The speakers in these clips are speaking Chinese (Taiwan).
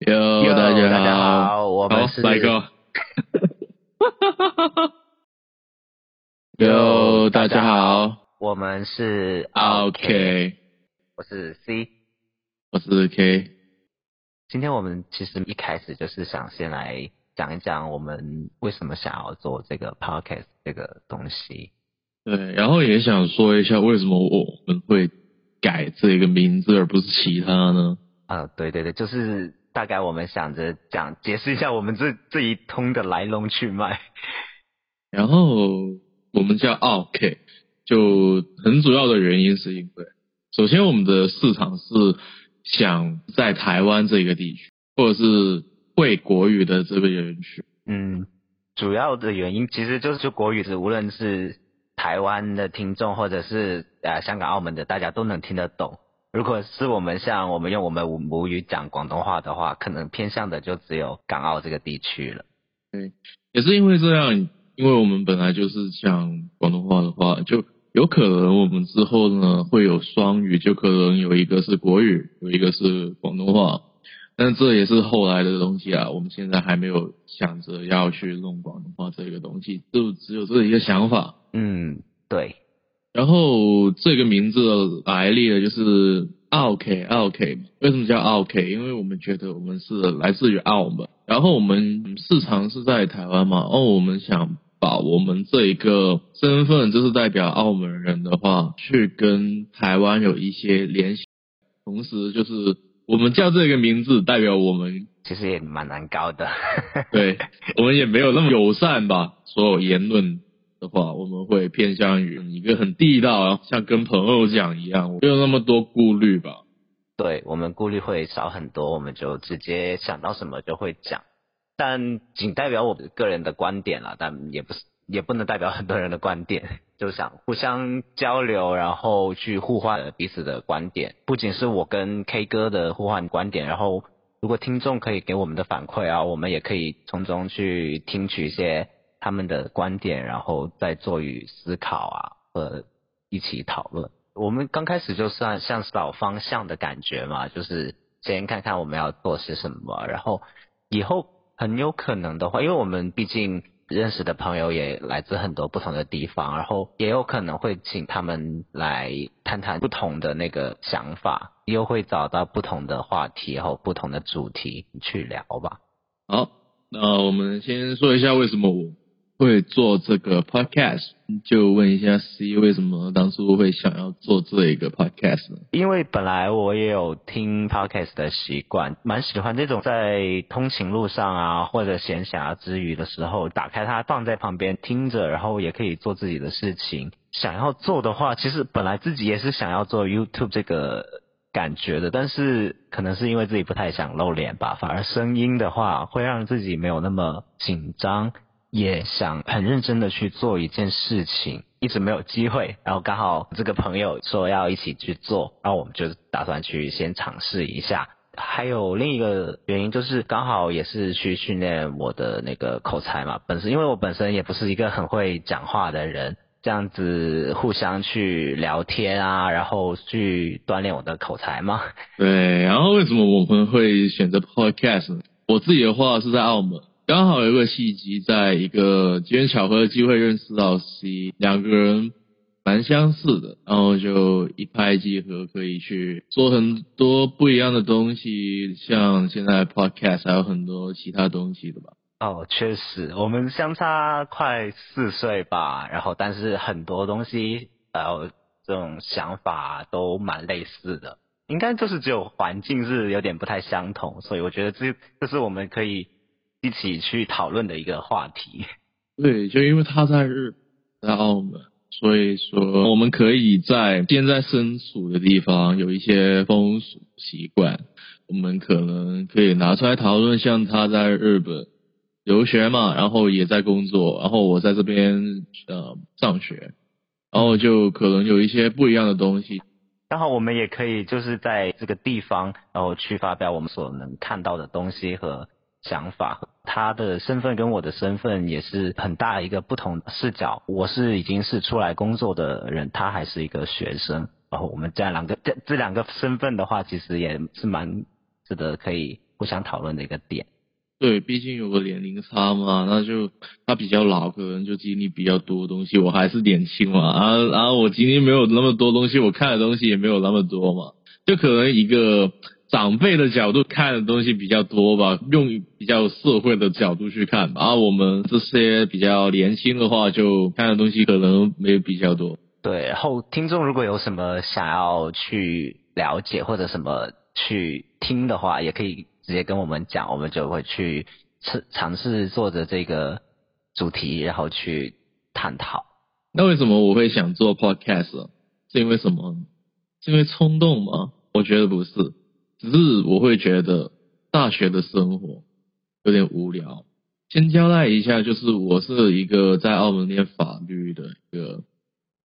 喲 Yo, Yo, 大家好，我們是麥哥。哈哈哈哈哈。 Yo，大家好，我們是 OK，, okay. 我是 C，我是 K。今天我們其實一開始就是想先來講一講我們為什麼想要做這個 Podcast 這個東西。對，然後也想說一下為什麼我們會改這個名字而不是其他呢？啊、嗯，對對對，就是。大概我們想着講解釋一下我們這這一通的來龍去脈，然後我們叫澳 K，就很主要的原因是因為，首先我們的市場是想在台灣這個地區，或者是會國語的這個人群。嗯，主要的原因其實就是國語是無論是台灣的聽眾或者是呃香港澳門的，大家都能聽得懂。如果是我們像我們用我們母語講廣東話的話，可能偏向的就只有港澳這個地區了。對。也是因為這樣，因為我們本來就是講廣東話的話，就有可能我們之後呢會有雙語，就可能有一個是國語，有一個是廣東話。但這也是後來的東西啊，我們現在還沒有想着要去弄廣東話這個東西，就只有這一個想法。嗯，對。然後這個名字的來歷呢，就是澳 K 澳 K，為什麼叫澳 K？因為我們覺得我們是來自於澳門，然後我們市場是在台灣嘛，然、哦、後我們想把我們這一個身份，就是代表澳門人的話，去跟台灣有一些聯繫，同時就是我們叫這個名字，代表我們其實也蠻難搞的， 對我們也沒有那麼友善吧，所有言論。的話，我們會偏向於一個很地道啊，像跟朋友講一樣，沒有那麼多顧慮吧？對，我們顧慮會少很多，我們就直接想到什麼就會講。但僅代表我個人的觀點啦，但也不是也不能代表很多人的觀點。就想互相交流，然後去互換彼此的觀點。不僅是我跟 K 哥的互換觀點，然後如果聽眾可以給我們的反饋啊，我們也可以從中去聽取一些。他們的觀點，然後再做與思考啊，呃，一起討論。我們剛開始就算像找方向的感覺嘛，就是先看看我們要做些什麼。然後以後很有可能的話，因為我們畢竟認識的朋友也來自很多不同的地方，然後也有可能會請他們來談談不同的那個想法，又會找到不同的話題，然後不同的主題去聊吧。好，那我們先說一下為什麼我。會做這個 podcast，就問一下 C 為什麼當初會想要做這一個 podcast？因為本來我也有聽 podcast 的習慣，蠻喜歡這種在通勤路上啊，或者閒暇之餘的時候，打開它放在旁邊聽着，然後也可以做自己的事情。想要做的話，其實本來自己也是想要做 YouTube 這個感覺的，但是可能是因為自己不太想露臉吧，反而聲音的話會讓自己沒有那麼緊張。也想很認真的去做一件事情，一直沒有機會，然後剛好這個朋友說要一起去做，然後我們就打算去先嘗試一下。還有另一個原因就是剛好也是去訓練我的那個口才嘛，本身，因為我本身也不是一個很會講話的人，這樣子互相去聊天啊，然後去鍛鍊我的口才嘛。對，然後為什麼我們會選擇 podcast 呢？我自己的話是在澳門。剛好有個契機，在一個機緣巧合的機會認識到 C，兩個人蠻相似的，然後就一拍即合，可以去做很多不一樣的東西，像現在 Podcast 還有很多其他東西的吧。哦，確實，我們相差快四歲吧，然後但是很多東西，然後，呃，這種想法都蠻類似的，應該就是只有環境是有點不太相同，所以我覺得這這，就是我們可以。一起去討論的一個話題。對，就因為他在日本，然後所以說我們可以在現在身處的地方有一些風俗習慣，我們可能可以拿出來討論。像他在日本留學嘛，然後也在工作，然後我在這邊呃上學，然後就可能有一些不一樣的東西。然後我們也可以就是在這個地方，然後去發表我們所能看到的東西和。想法，他的身份跟我的身份也是很大一個不同的視角。我是已經是出來工作的人，他還是一個學生。然後我們這兩個這這兩個身份的話，其實也是蠻值得可以互相討論的一個點。對，畢竟有個年齡差嘛，那就他比較老，可能就經歷比較多東西。我還是年輕嘛，啊，然後我經歷沒有那麼多東西，我看的東西也沒有那麼多嘛，就可能一個。長輩的角度看的東西比較多吧，用比較社會的角度去看，而、啊、我們這些比較年輕的話，就看的東西可能沒有比較多。對，然後聽眾如果有什麼想要去了解或者什麼去聽的話，也可以直接跟我們講，我們就會去嘗嘗試做着這個主題，然後去探討。那為什麼我會想做 podcast？、啊、是因為什麼？是因為衝動嗎？我覺得不是。只是我會覺得大學的生活有點無聊。先交代一下，就是我是一個在澳門念法律的一個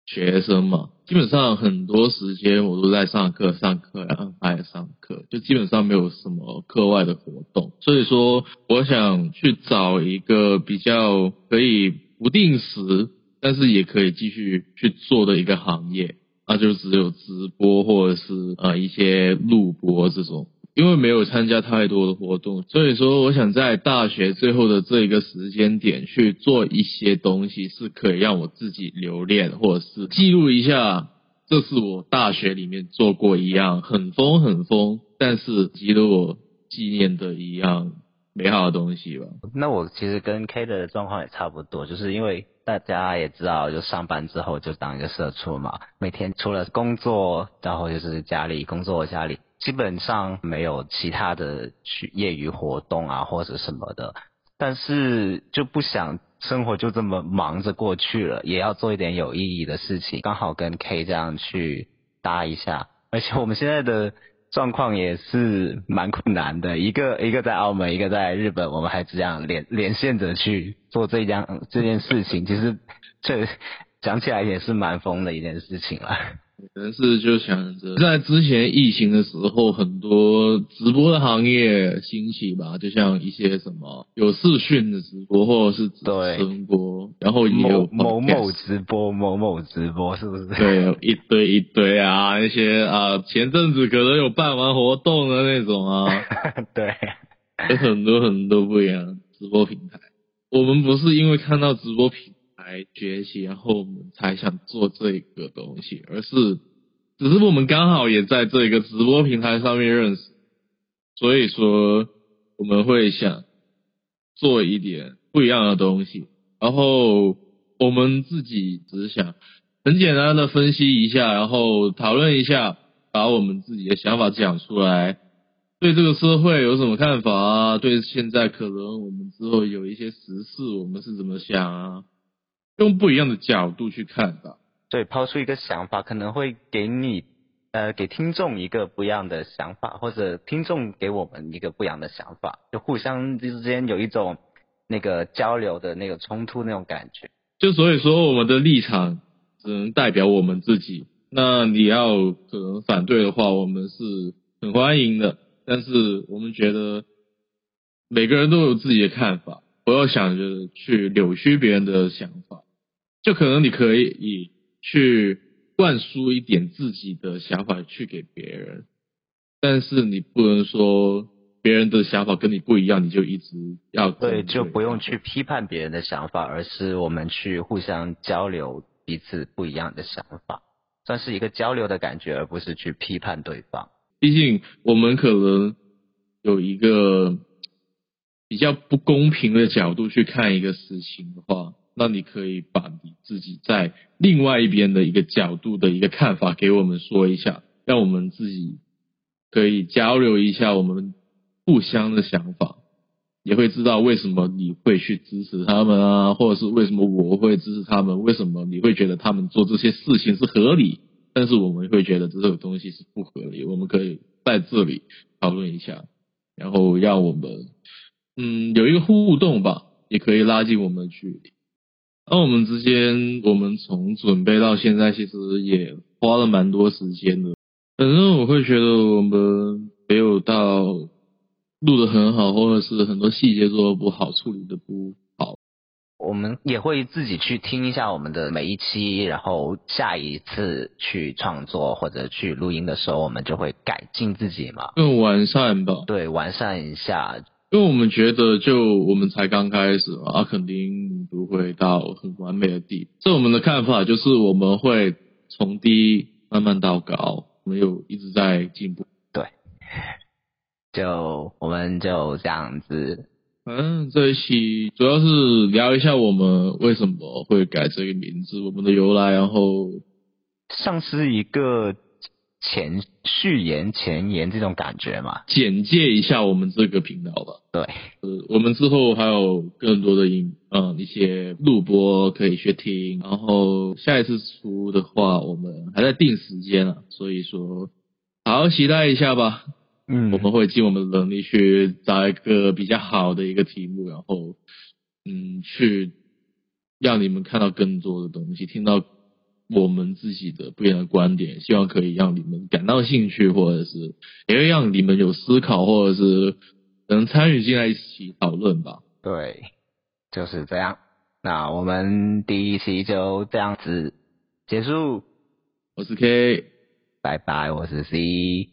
學生嘛，基本上很多時間我都在上課，上課，上課，然後還在上課，就基本上沒有什麼課外的活動。所以說，我想去找一個比較可以不定時，但是也可以繼續去做的一個行業。那、啊、就只有直播或者是啊、呃、一些錄播這種，因為沒有參加太多的活動，所以說我想在大學最後的這一個時間點去做一些東西，是可以讓我自己留戀或者是記錄一下，這是我大學裡面做過一樣很瘋很瘋，但是值得我紀念的一樣。美好的東西吧。那我其實跟 K 的狀況也差不多，就是因為大家也知道，就上班之後就當一個社畜嘛，每天除了工作，然後就是家裡工作、家裡，基本上沒有其他的去業餘活動啊或者什麼的。但是就不想生活就這麼忙着過去了，也要做一點有意義的事情。剛好跟 K 這樣去搭一下，而且我們現在的。狀況也是蠻困難的，一個一個在澳門，一個在日本，我們還這樣連連線着去做這樣這件事情，其實這講起來也是蠻瘋的一件事情了。可能是就想着在之前疫情的時候，很多直播的行業興起吧，就像一些什麼有視訊的直播或者是對直播，對然後也有 podcast, 某，某某直播、某某直播，是不是？對，有一堆一堆啊，那些啊，前陣子可能有辦完活動的那種啊， 對，有很多很多不一樣直播平台，我們不是因為看到直播平來學習，然後我們才想做這個東西，而是只是我們剛好也在這個直播平台上面認識，所以說我們會想做一點不一樣的東西，然後我們自己只想很簡單的分析一下，然後討論一下，把我們自己的想法講出來，對這個社會有什麼看法啊？對現在可能我們之後有一些時事，我們是怎麼想啊？用不一樣的角度去看吧。對，拋出一個想法，可能會給你呃給聽眾一個不一樣的想法，或者聽眾給我們一個不一樣的想法，就互相之間有一種那個交流的那個衝突那種感覺。就所以說，我們的立場只能代表我們自己。那你要可能反對的話，我們是很歡迎的。但是我們覺得每個人都有自己的看法，不要想着去扭曲別人的想法。就可能你可以去灌輸一點自己的想法去給別人，但是你不能說別人的想法跟你不一樣，你就一直要對，對，就不用去批判別人的想法，而是我們去互相交流彼此不一樣的想法，算是一個交流的感覺，而不是去批判對方。畢竟我們可能有一個比較不公平的角度去看一個事情的話。那你可以把你自己在另外一邊的一個角度的一個看法給我們說一下，讓我們自己可以交流一下我們互相的想法，也會知道為什麼你會去支持他們啊，或者是為什麼我會支持他們，為什麼你會覺得他們做這些事情是合理，但是我們會覺得這個東西是不合理，我們可以在這裡討論一下，然後讓我們嗯有一個互動吧，也可以拉近我們的距離。那、啊、我們之間，我們從準備到現在，其實也花了蠻多時間的。反正我會覺得我們沒有到錄得很好，或者是很多細節做得不好，處理的不好。我們也會自己去聽一下我們的每一期，然後下一次去創作或者去錄音的時候，我們就會改進自己嘛，更完善吧。對，完善一下。因為我們覺得，就我們才剛開始嘛啊，肯定不會到很完美的地步。這我們的看法就是，我們會從低慢慢到高，沒有一直在進步。對，就我們就這樣子。嗯，這一期主要是聊一下我們為什麼會改這個名字，我們的由來，然後上次一個。前序言、前言這種感覺嘛，簡介一下我們這個頻道吧。對，呃，我們之後還有更多的音，嗯，一些錄播可以去聽。然後下一次出的話，我們還在定時間啊，所以說好好期待一下吧。嗯，我們會盡我們的能力去找一個比較好的一個題目，然後嗯，去讓你們看到更多的東西，聽到。我們自己的不一樣的觀點，希望可以讓你們感到興趣，或者是也會讓你們有思考，或者是能參與進來一起討論吧。對，就是這樣。那我們第一期就這樣子結束。我是 K，拜拜。Bye bye, 我是 C。